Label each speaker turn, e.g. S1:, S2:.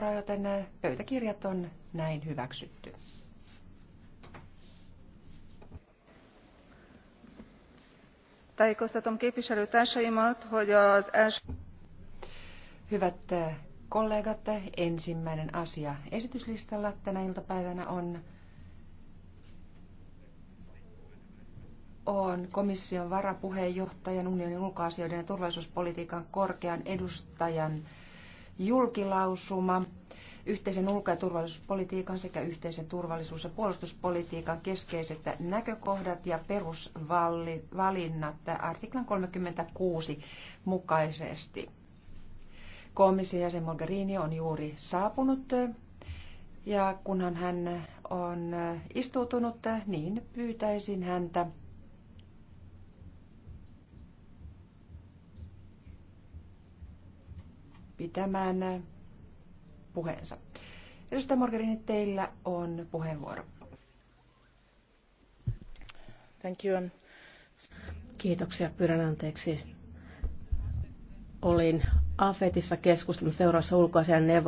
S1: puheenvuoroa, joten eh, pöytäkirjat on
S2: näin hyväksytty.
S1: Tájékoztatom képviselőtársaimat, hogy az els... Hyvät eh, kollegat, eh,
S2: ensimmäinen asia esityslistalla tänä iltapäivänä on, on komission varapuheenjohtajan unionin ulkoasioiden ja turvallisuuspolitiikan korkean edustajan julkilausuma yhteisen ulko- ja turvallisuuspolitiikan sekä yhteisen turvallisuus- ja puolustuspolitiikan keskeiset näkökohdat ja perusvalinnat artiklan 36 mukaisesti. Komission jäsen Mogherini on juuri saapunut ja kunhan hän on istuutunut, niin pyytäisin häntä pitämään puheensa. Edustaja Morgerini, teillä on puheenvuoro.
S3: Thank you. Kiitoksia, pyydän anteeksi. Olin AFETissa keskustelun seurassa ulkoasian neuvostossa.